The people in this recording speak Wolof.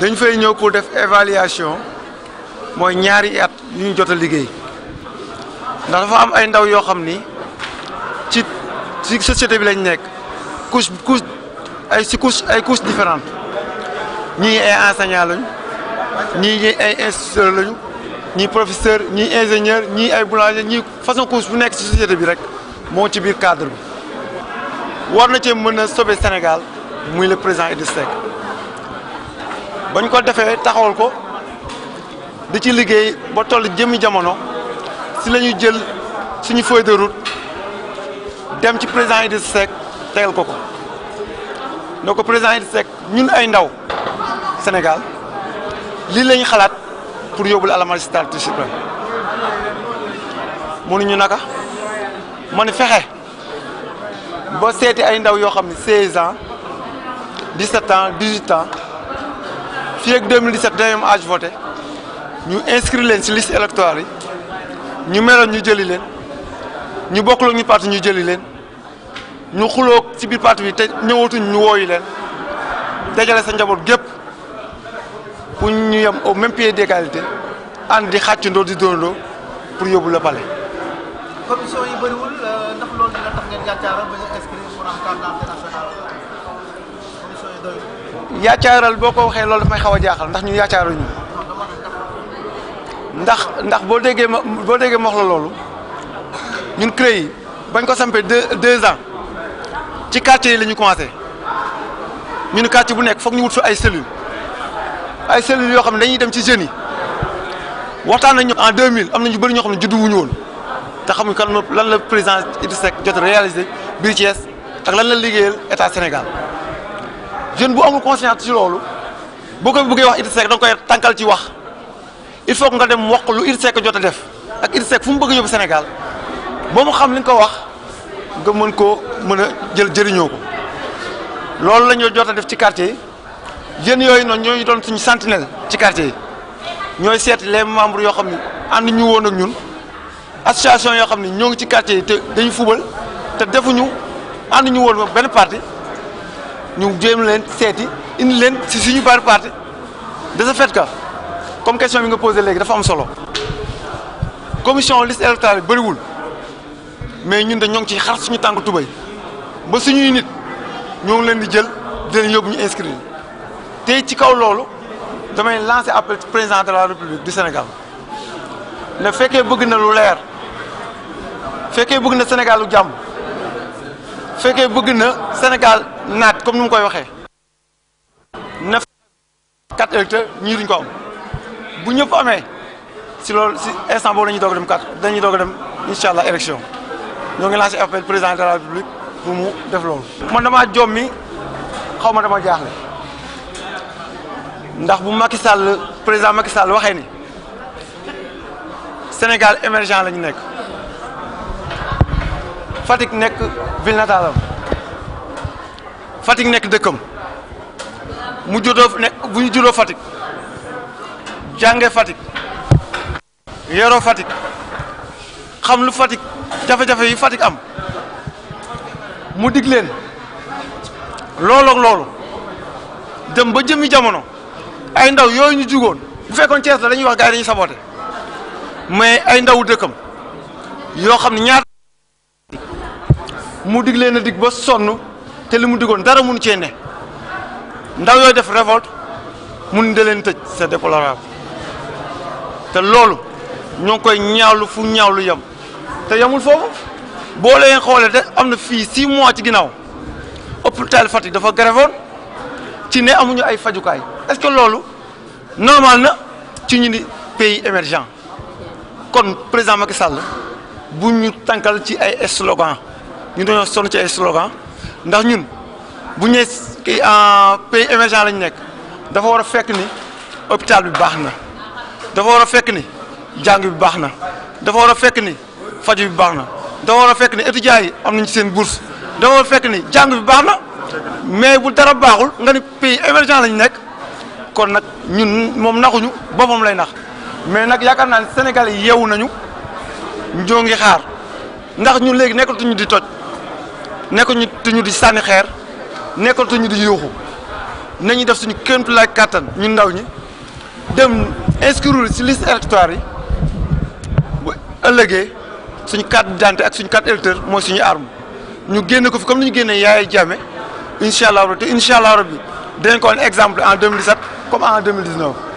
dañu fay ñëw pour def évaluation mooy ñaari at yu ñu jot a liggéey ndax dafa am ay ndaw yoo xam ni ci ci société bi lañ nekk couch couche ay si couche ay couches différentes ñii ay enseignant lañu ñii ñii ay instituteur lañu ñi professeur ñii ingénieur ñii ay boulanger ñii façon couche bu nekk ci société bi rek moo ci biir cadre bi war na cee mën na sauver Sénégal muy le président Idrissa Seck bañ ko defee taxawal ko di ci liggéey ba toll jëmi jamono si la jël suñu feuille de route dem ci président Idrissa Seck tegal ko ko ne ko président Idrissa Seck ñun ay ndaw Sénégal lii lañu xalaat pour yóbbul à la magistrature suprême mënuñu naka ma ni fexe ba seeti ay ndaw yoo xam ne 16 ans 17 ans 18 ans. fii ak 2017 dañu am âge voté ñu inscrit leen ci liste électorale yi ñu meloon ñu jëli leen ñu bokkul ñu parti ñu jëli leen ñu xuloo ci biir parti bi te ñëwatuñ ñu wooyu leen dajale sa njaboot gépp pour ñu yem au même pied d'égalité ànd di xàccandoo di dóorandoo pour yóbbu la palais. yaacaaral boo ko waxee loolu dafay xaw a jaaxal ndax ñu yaacaaruñu ndax ndax boo déggee ma boo déggee ma wax loolu ñun CREI bañ ko sampee deux deux ans ci quartier yi la ñu commencé ñu ne bu nekk foog ñu wut fi ay cellules ay cellules yoo xam ne dañuy dem ci jeunes yi waxtaan nañu en deux mille am na ñu bëri ñoo xam ne juddu wuñu woon te xamuñ kan lan la président Idrissa Seck jot réalisé biir Thiès ak lan la liggéeyal état Sénégal. jeune bu amul conscience ci loolu boo ko bëggee wax ITSEC da nga koy tànkal ci wax il faut que nga dem wax lu ITSEC jot a def ak ITSEC fu mu bëgg a yóbbu Sénégal ba mu xam li nga ko wax nga mën koo mën a jël jëriñoo ko loolu lañoo jot a def ci quartier yi jeunes yooyu noonu ñooñu doon suñu sentinelle ci quartier yi ñooy seet les membres yoo xam ne ànd ñu woon ak ñun association yoo xam ne ñoo ngi ci quartier yi te dañu fubal te defuñu ànd ñu woon benn parti ñu jéem leen seeti indi leen si suñu par parti de ce fait comme question bi nga posé léegi dafa am solo commission liste électorale bi bëriwul mais ñun de ñoo ngi ci xar suñu tànk tubay ba suñuy nit ñoo ngi leen di jël di leen yóbbu ñu inscrire tey ci kaw loolu damay lancer appel président de la république du Sénégal ne fekkee bëgg na lu leer fekkee bëgg na Sénégal lu jàmm fekkee bëgg na Sénégal. naat comme ni mu koy waxee neuf quatre électeurs ñii ko am bu ñëpp amee si lool si instant boobu dañuy doog dem quatre dañuy doog dem incha allah élection ñoo ngi lancé appel président de la république bu mu def loolu. man damaa joom mi xaw ma dama jaaxle ndax bu Macky Sall président Macky Sall waxee ni Sénégal émergent lañu nekk Fatick nekk ville natale fatik nekk dëkkam mu juddoo ne bu ñu juddoo Fatick jànge Fatick yoroo Fatick xam lu Fatick jafe-jafe yi Fatick am mu dig leen loolook loolu dem ba jëmmi jamono ay ndaw yooyu ñu jugoon bu fekkoon Thiès la dañuy wax gars yi dañuy saboté mais ay ndawu dëkkam yoo xam ne ñaar mu dig leen a dig ba sonn te li mu digoon dara mun cee ne ndaw yooyu def révolte mun de leen tëj c'est déplorable te loolu ñoo ngi koy ñaawlu fu lu yem te yemul foofu boo leen xoolee de am na fii six mois ci ginnaaw hôpital Fatick dafa grévoon ci ne amuñu ay fajukaay est-ce que loolu normal na ci ñu ni pays émergent kon président Macky Sall bu ñu tànkal ci ay slogan ñu dañoo sonn ci ay slogan ndax ñun bu ñu nee euh, pays émergent lañu nekk dafa war a fekk ni hôpital bi baax na dafa war a fekk ni jàng bi baax na dafa war a fekk ni faj bi baax na dafa war a fekk ni étudiants yi am nañ ci seen bourse dafa war a fekk ni jàng bi baax na mais bu dara baaxul nga ni pays émergent lañu nekk kon nag ñun moom naxuñu boppam lay nax mais nag yaakaar naa ne Sénégal yi nañu ñoo ngi xaar ndax ñun léegi ñu di toj. nekkuñu te ñu di sànni xeer nekkal tu ñu di yuuxu nañu def suñu kéemtu laaj kàttan ñu ndaw ñi dem inscrire ci liste électorale yi bu ëllëgee suñu carte d'identité ak suñu carte électeur mooy suñu arme ñu génne ko fi comme ni ñu génnee Yaya Jammeh incha allah te incha allah rabbi dinañ ko woon exemple en comme en 2019.